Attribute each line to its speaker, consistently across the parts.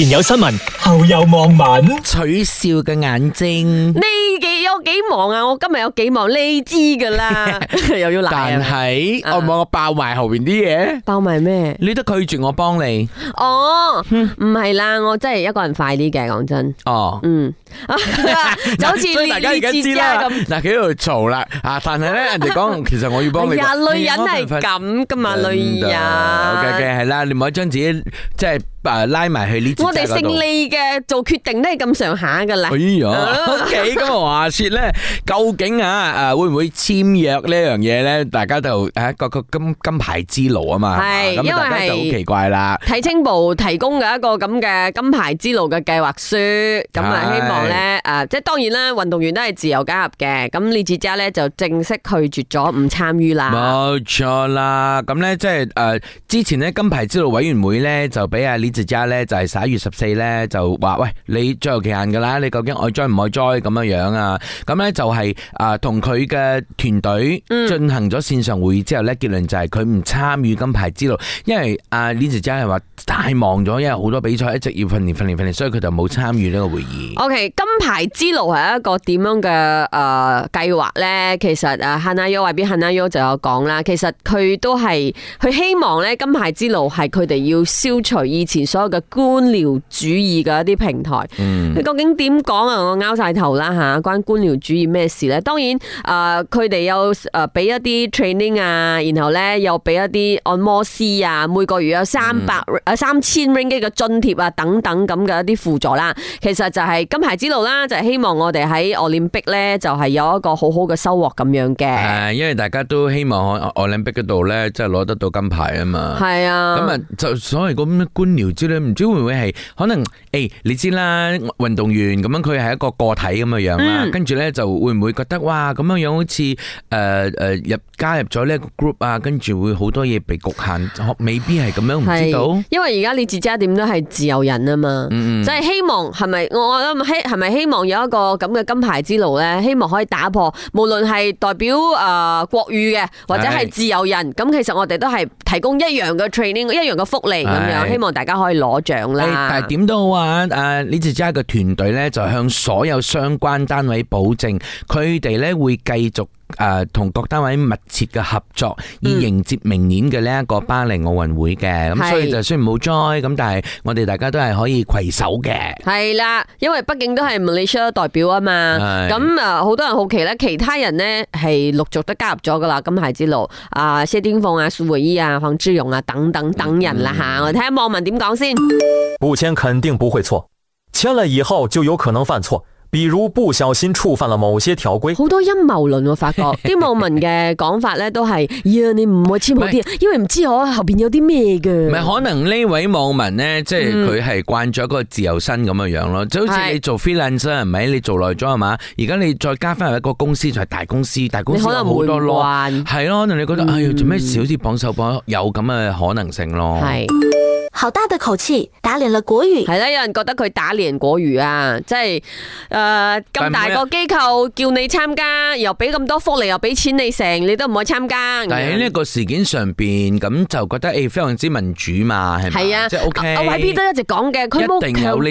Speaker 1: 前有新聞，後有網民，取笑嘅眼睛。你
Speaker 2: 幾有幾忙啊？我今日有幾忙，你知噶啦。
Speaker 1: 又要懶。但係，
Speaker 2: 我唔好我爆埋後邊啲嘢。爆埋咩？你都拒絕我幫你。哦，唔係啦，我真係一個人快啲嘅，講真。哦，嗯，就好似大家而家知啦咁，
Speaker 1: 嗱，喺度嘈啦啊？但係咧，人哋講，其實我要幫你。女人係咁噶嘛，女人。OK，OK，係啦，你唔好將自己即係。拉埋去呢？我哋勝利
Speaker 2: 嘅做決定都係咁上下噶啦。哎呀，OK
Speaker 1: 咁啊，話說咧，究竟啊誒，會唔會簽約呢樣嘢咧？大家就誒，個個金金牌之路啊嘛，係咁，大家就好奇怪啦。體
Speaker 2: 青部提供嘅一個咁嘅金牌之路嘅計劃書，咁啊希望咧誒，即係當然啦，運動員都係自由加入嘅。咁呢次之後咧就正式拒絕咗唔參與啦。
Speaker 1: 冇錯啦，咁咧即係誒，之前咧金牌之路委員會咧就俾阿李。而家咧就係十一月十四咧就話喂，你最後期限噶啦，你究竟愛 join 唔愛 join 咁樣樣啊？咁咧就係啊同佢嘅團隊進行咗線上會議之後咧，結論就係佢唔參與金牌之路，因為阿李梓嘉係話太忙咗，因為好多比賽一直要訓練訓練訓練，所以佢就冇參與呢個會議。
Speaker 2: OK，金牌之路係一個點樣嘅誒計劃咧？其實啊，漢娜優話邊漢娜優就有講啦，其實佢都係佢希望咧金牌之路係佢哋要消除以前，所有嘅官僚主義嘅一啲平台，你、嗯、究竟點講啊？我拗晒頭啦吓，關官僚主義咩事咧？當然，誒、呃，佢哋有誒俾、呃、一啲 training 啊，然後咧又俾一啲按摩師啊，每個月有三百誒三千 ringgit 嘅津貼啊，3, 的等等咁嘅一啲輔助啦。其實就係金牌之路啦，就係、是、希望我哋喺奧林匹克咧，就係、是、有一個好好嘅收穫咁樣嘅、啊。誒
Speaker 1: 因為大家都希望喺奧林匹克嗰度咧，即係攞得到金牌啊嘛。係啊。咁啊，就所謂咁咩官僚主義。唔知你唔知會唔會係可能誒？你知啦，運動員咁樣佢係一個個體咁嘅樣啊。跟住咧就會唔會覺得哇？咁樣樣好似誒誒入加入咗呢一個 group，啊，跟住會好多嘢，被局限，未必係咁樣唔知道。
Speaker 2: 因為而家你自己點都係自由人啊嘛，即係希望係咪？我我諗希係咪希望有一個咁嘅金牌之路咧？希望可以打破，無論係代表誒國語嘅，或者係自由人。咁其實我哋都係提供一樣嘅 training，一樣嘅福利咁樣，希望大家。可以攞
Speaker 1: 獎啦！但係點都好啊！誒呢次只係一個團隊咧，就向所有相關單位保證，佢哋咧會繼續。誒、呃，同各單位密切嘅合作，以迎接明年嘅呢一個巴黎奧運會嘅，咁、嗯、所以就雖然冇災，咁但係我哋大家都係可以携手嘅。
Speaker 2: 係啦，因為畢竟都係 Malaysia 代表啊嘛，咁啊好多人好奇咧，其他人呢係陸續都加入咗噶啦，金牌之路、呃、丁啊，謝定峰啊、蘇偉譯啊、志勇啊等等等人啦吓、嗯啊，我哋睇下網民點講先。
Speaker 1: 不簽肯定不會錯，簽了以後就有可能犯錯。比如不小心觸犯了某些條
Speaker 2: 規，很陰謀論、啊，好多陰謀論，我發覺啲網民嘅講法咧都係，呀 你唔會簽好啲，因為唔知道我後邊有啲咩嘅。咪
Speaker 1: 可能呢位網民咧，嗯、即係佢係慣咗一個自由身咁嘅樣咯，就好似你做 freelancer，唔係你做耐咗係嘛？而家你再加翻入一個公司，就係、是、大公司，大公司有好多關，係咯。可能你覺得哎做咩小之榜首榜有咁嘅可能性咯？
Speaker 2: 係好大的口氣，打臉了果魚。係、嗯、啦，有人覺得佢打臉果魚啊，即係。誒，咁大個機構叫你參加，又俾咁多福利，又俾錢你成，你都唔可以參加。但喺呢
Speaker 1: 個事件上邊，咁就覺得誒，非常之民主嘛，係咪？即係 O K。我喺邊都一
Speaker 2: 直講嘅，佢冇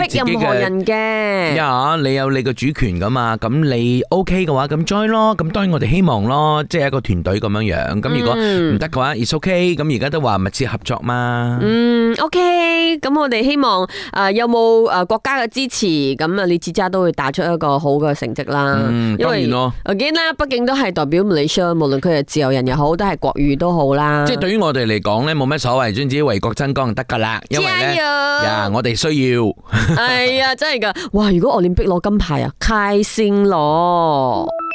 Speaker 2: 逼任何人嘅。呀，
Speaker 1: 你有你個主權噶嘛？咁你 O K 嘅話，咁 join 咯。咁當然我哋希望咯，即係一個團隊咁樣樣。咁如果唔得嘅話，亦 O K。咁而家都話密切合作嘛。
Speaker 2: 嗯，O K。咁我哋希望誒，有冇誒國家嘅支持？咁啊，你遲啲都會打。出一個好嘅成績啦，嗯，當然咯。我見啦，畢竟都係代表馬來西亞，無論佢係自由人又好，都係國語都好啦。即係對於
Speaker 1: 我哋嚟講咧，冇咩所謂，總之為國爭光就得噶啦。因為咧，yeah, 我哋需要。
Speaker 2: 哎呀，真係噶，哇！如果我哋碧攞金牌啊，開心咯～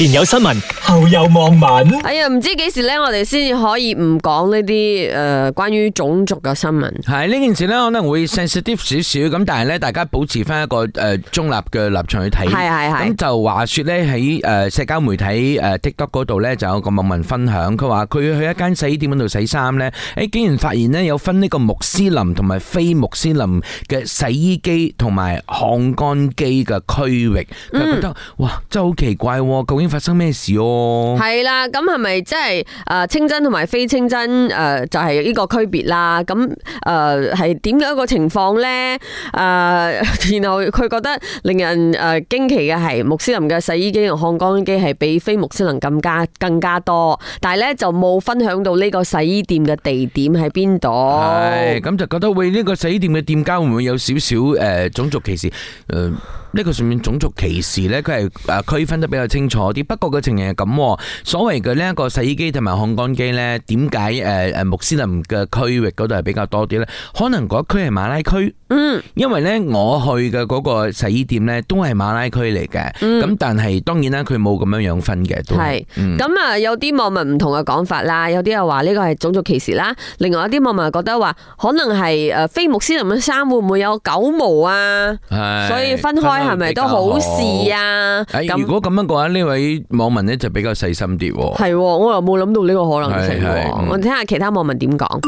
Speaker 2: 前有新聞，後有網民。哎呀，唔知幾時咧，我哋先至可以唔講呢啲誒，關於種族嘅新聞。係，呢件事咧，可能會
Speaker 1: sensitive 少少，咁但係咧，大家保持翻一個誒中立嘅立場去睇。係係係。咁就話說咧，喺誒社交媒體誒 TikTok 嗰度咧，就有一個網民分享，佢話佢去一間洗衣店嗰度洗衫咧，誒竟然發現咧有分呢個穆斯林同埋非穆斯林嘅洗衣機同埋烘乾機嘅區域，佢覺得哇，真係好奇怪，究竟？發生咩事哦？係
Speaker 2: 啦，咁係咪即係誒清真同埋非清真誒就係呢個區別啦？咁誒係點樣個情況呢？誒、呃，然後佢覺得令人誒驚奇嘅係穆斯林嘅洗衣機同烘乾機係比非穆斯林更加更加多，但係呢就冇分享到呢個洗衣店嘅地點喺邊度。係
Speaker 1: 咁就覺得喂，呢、這個洗衣店嘅店家會唔會有少少誒種族歧視？誒、呃，呢、這個上面種族歧視呢，佢係誒區分得比較清楚啲。不過個情形係咁，所謂嘅呢一個洗衣機同埋烘乾機咧，點解誒誒穆斯林嘅區域嗰度係比較多啲咧？可能嗰區係馬拉區，嗯，因為咧我去嘅嗰個洗衣店咧都係馬拉區嚟嘅，咁、嗯、但係當然啦，佢冇咁樣樣分嘅，都係，咁、
Speaker 2: 嗯、啊有啲網民唔同嘅講法啦，有啲又話呢個係種族歧視啦，另外有啲網民覺得話可能係誒非穆斯林嘅衫會唔會有狗毛啊，所以分開係咪都好事啊？如
Speaker 1: 果咁樣嘅話，呢位。啲網民咧就比較細心啲，係，
Speaker 2: 我又冇諗到呢個可能性情況。我哋睇下其他網民點講。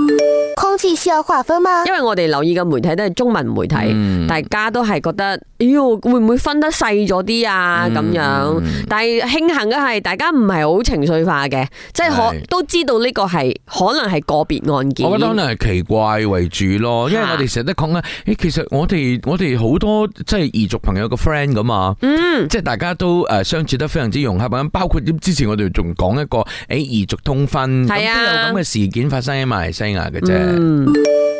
Speaker 2: 因為我哋留意嘅媒體都係中文媒體，嗯、大家都係覺得，喲，會唔會分得細咗啲啊？咁樣、嗯，但係慶幸嘅係，大家唔係好情緒化嘅，即係可都知道呢個係可能係個別案件。我覺得可
Speaker 1: 能係奇怪為主咯，因為我哋成日都講咧，其實我哋我哋好多即係異族朋友嘅 friend 㗎嘛，嗯、即係大家都誒相處得非常之。融合啊！包括之前我哋仲講一個誒，異族通婚，係啊，有咁嘅事件發生喺馬來西亞嘅啫。嗯，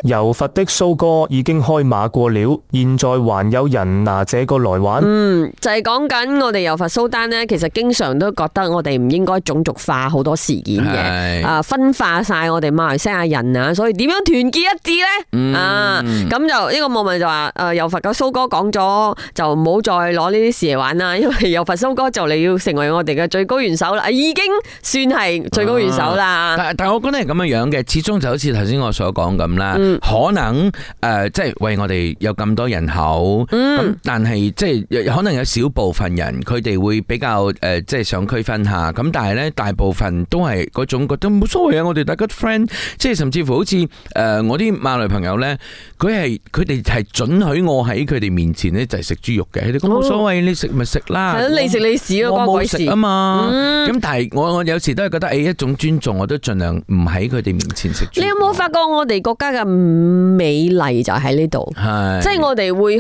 Speaker 2: 柔佛的蘇哥已經開
Speaker 1: 馬過了，現在還有人拿這個來玩？嗯，
Speaker 2: 就係講緊我哋柔佛蘇丹咧，其實經常都覺得我哋唔應該種族化好多事件嘅，啊，分化晒我哋馬來西亞人啊，所以點樣團結一致咧？啊，咁就呢個網民就話，誒，柔佛嘅蘇哥講咗就唔好再攞呢啲事嚟玩啦，因爲柔佛蘇哥就嚟要食。為我哋嘅最高元首啦，已經算係最高元首啦。但
Speaker 1: 但係我覺得係咁樣嘅，始終就好似頭先我所講咁啦。可能誒，即係為我哋有咁多人口咁，但係即係可能有少部分人，佢哋會比較誒，即係想區分下。咁但係咧，大部分都係嗰種覺得冇所謂啊！我哋大家 friend，即係甚至乎好似誒，我啲馬來朋友咧，佢係佢哋係准許我喺佢哋面前咧就係食豬肉嘅。佢哋講冇所謂，你食咪食啦，你食你事咯。啊嘛，咁、嗯、但係我我有時都係覺得，誒一種尊重，我都盡量唔喺佢哋面前食。你有
Speaker 2: 冇發覺我哋國家嘅美麗就喺呢度？係，即係我哋會，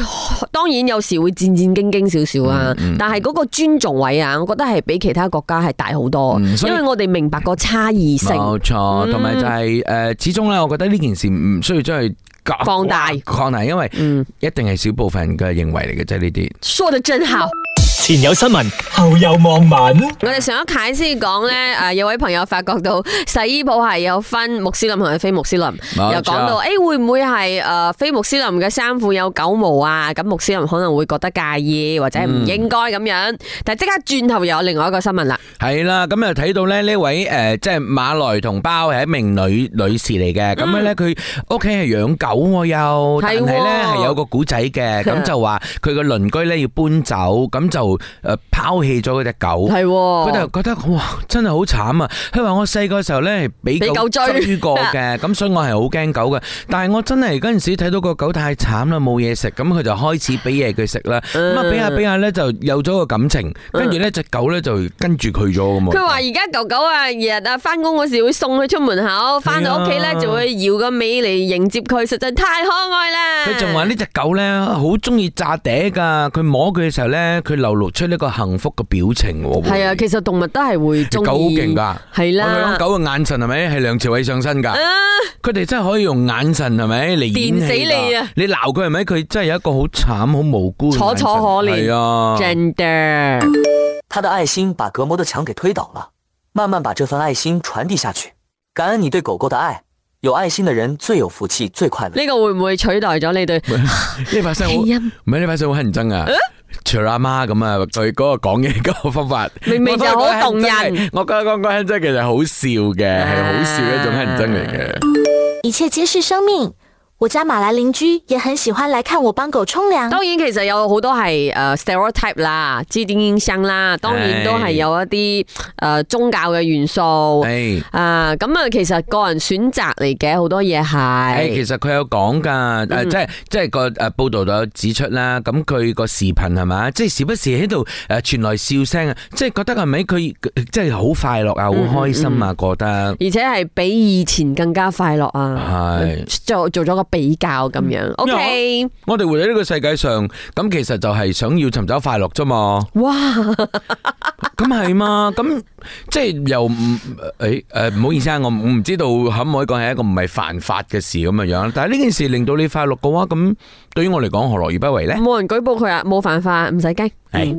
Speaker 2: 當然有時會戰戰兢兢少少啊。但係嗰個尊重位啊，我覺得係比其他國家係大好多，嗯，因為我哋明白個差異性。冇
Speaker 1: 錯，同埋就係、是、誒、嗯呃，始終咧，我覺得呢件事唔需要真係擴大擴大、嗯，因為嗯，一定係小部分人嘅認為嚟嘅，啫，呢啲。
Speaker 2: 說得真好。嗯
Speaker 1: 前有新聞，後有網民。
Speaker 2: 我哋上一解先講咧，誒有位朋友發覺到，洗衣鋪係有分穆斯林同埋非穆斯林。又講到，誒會唔會係誒非穆斯林嘅衫褲有狗毛啊？咁穆斯林可能會覺得介意，或者係唔應該咁樣。但係即刻轉頭有另外一個新聞啦。
Speaker 1: 係啦，咁又睇到咧，呢位誒即係馬來同胞係一名女女士嚟嘅。咁咧佢屋企係養狗喎又，但係咧係有個古仔嘅。咁就話佢個鄰居咧要搬走，咁就。誒，拋棄咗嗰隻狗，係佢就覺得哇，真係好慘啊！佢話我細個嘅時候咧，俾狗追過嘅，咁所以我係好驚狗嘅。但係我真係嗰陣時睇到個狗太慘啦，冇嘢食，咁佢就開始俾嘢佢食啦。咁啊，俾下俾下咧，就有咗個感情。跟住呢隻狗咧就跟住佢咗咁啊。佢話
Speaker 2: 而家狗狗啊，日日啊翻工嗰時會送佢出門口，翻到屋企咧就會搖個尾嚟迎接佢，實在太可愛啦！佢仲話
Speaker 1: 呢隻狗咧好中意扎嗲噶，佢摸佢嘅時候咧，佢流。露出呢個幸福嘅表情喎，係
Speaker 2: 啊，其實動物都係會中意，狗好勁噶，係啦。我狗
Speaker 1: 嘅眼神係咪？係梁朝偉上身噶，佢、uh, 哋真係可以用眼神係咪嚟？電死你啊！你鬧佢係咪？佢真係有一個好慘、好無辜、楚楚可憐。係啊、
Speaker 2: Gender，
Speaker 1: 他的愛心把隔膜的牆給推倒了，慢慢把這份愛心傳遞下去。感恩你對狗狗的愛，有愛心的人最有福氣、最快樂。呢、
Speaker 2: 這個會唔會取代咗你對呢 把聲？唔係
Speaker 1: 呢把聲，好乞人憎啊。除阿媽咁啊，佢 嗰樂個講嘢嗰個方法，明明就好動人 我個。我覺得講鬼真，其實好笑嘅，係、啊、好笑嘅一種乞人憎嚟嘅。
Speaker 2: 一切皆是生命。我家馬來鄰居也很喜歡來看我幫狗沖涼。當然其實有好多係誒 stereotype 啦，固定印象啦，當然都係有一啲誒宗教嘅元素。啊，哎，咁啊，其實個人選擇嚟嘅，好多嘢係，哎。其
Speaker 1: 實佢有講噶，誒，嗯，即係即係個誒報道都有指出啦。咁佢個視頻係嘛，即係時不時喺度誒傳來笑聲啊，即係覺得係咪佢即係好快樂啊，好開心啊？嗯嗯嗯，覺得。而
Speaker 2: 且係比以前更加快樂啊。係做做咗個。比較咁樣，O K，
Speaker 1: 我哋活喺呢個世界上，咁其實就係想要尋找快樂啫嘛。哇，咁係嘛，咁即係又唔誒誒，唔好意思啊，我唔知道可唔可以講係一個唔係犯法嘅事咁嘅樣。但係呢件事令到你快樂嘅話，咁對於我嚟講何樂而不為呢？冇
Speaker 2: 人舉報佢啊，冇犯法，唔使驚。係。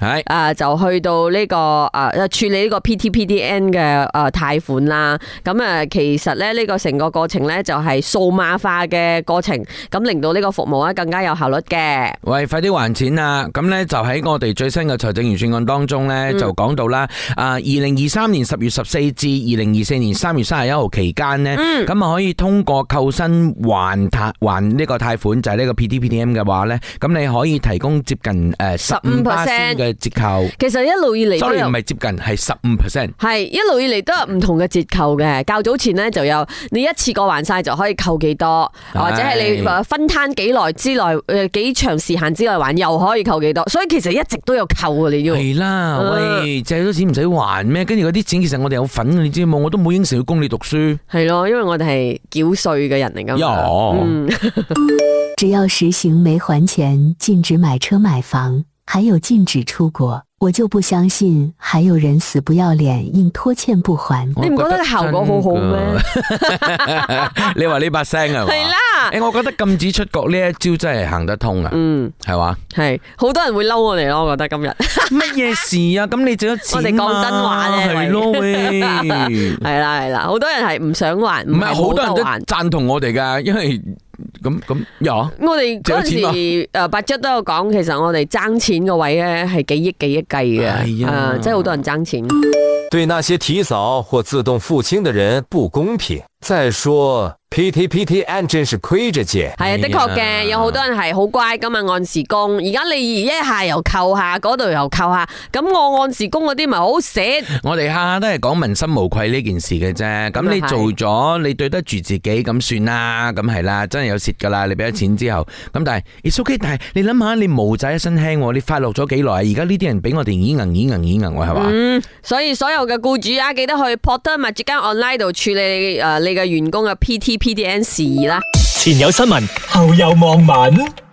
Speaker 2: 係啊、呃，就去到呢、這個誒、呃、處理呢個 P T P T N 嘅誒貸、呃、款啦。咁啊，其實咧呢個成個過程咧就係數碼化嘅過程，咁令到呢個服務啊更加有效率嘅。
Speaker 1: 喂，快啲還錢啊！咁咧就喺我哋最新嘅財政預算案當中咧就講到啦、嗯。啊，二零二三年十月十四至二零二四年三月三十一號期間呢，咁、嗯、啊可以通過扣薪還貸還這個貸這個呢個貸款，就係呢個 P T P T N 嘅話咧，咁你可以提供接近誒十五 percent 嘅折扣，其實
Speaker 2: 一路以嚟，所以唔
Speaker 1: 係接近，係十五 percent。
Speaker 2: 係一路以嚟都有唔同嘅折扣嘅。較早前咧就有，你一次過還晒就可以扣幾多，哎、或者係你分攤幾耐之內，誒幾長時間之內還，又可以扣幾多。所以其實一直都有扣嘅，你要係
Speaker 1: 啦。喂，借咗錢唔使還咩？跟住嗰啲錢其實我哋有份，你知冇？我都冇應承要供你讀
Speaker 2: 書。係咯，因為我哋係繳稅嘅人嚟噶。哦、嗯， 只
Speaker 1: 要實行沒還錢，禁止買車買房。還有禁止出國，我就不相信還有人死不要臉，硬拖欠不還。你唔覺得個效果好好咩？ 你話呢把聲係嘛？係啦，誒、欸，我覺得禁止出國呢一
Speaker 2: 招真係行得通啊。嗯，係嘛？係，好多人會嬲我哋咯。我覺得今日乜嘢事啊？咁 你只一次。我哋講真話咧，係咯，咪係啦，係啦，好多人係唔想還，唔係好多人都
Speaker 1: 贊同我哋噶，因為。咁、嗯、咁、嗯嗯、有
Speaker 2: 啊！我哋嗰陣時，誒，白卓都有講，其實我哋爭錢個位咧係幾億幾億計嘅，誒、哎啊，真係好多人爭錢。
Speaker 1: 對那些提早或自動付清嘅人，不公平。再說 PTPTN e g i n 真是虧着啫，係啊，的確嘅，有好多
Speaker 2: 人係好乖噶嘛，按時供。而家你一下又扣下，嗰度又扣下，咁我按時供嗰啲咪好蝕。
Speaker 1: 我哋下下都係講問心無愧呢件事嘅啫。咁你做咗，你對得住自己咁算啦，咁係啦，真係有蝕噶啦。你俾咗錢之後，咁但係 it's okay 但係你諗下，你無仔一身輕，哦，你快樂咗幾耐啊？而家呢啲人俾我哋已硬耳硬耳硬，我係嘛？嗯，
Speaker 2: 所以所有嘅僱主啊，記得去 Portal Majikan online 度處理誒你。呃嘅員工嘅 PTPDN 事宜啦，前有新聞，後有網民。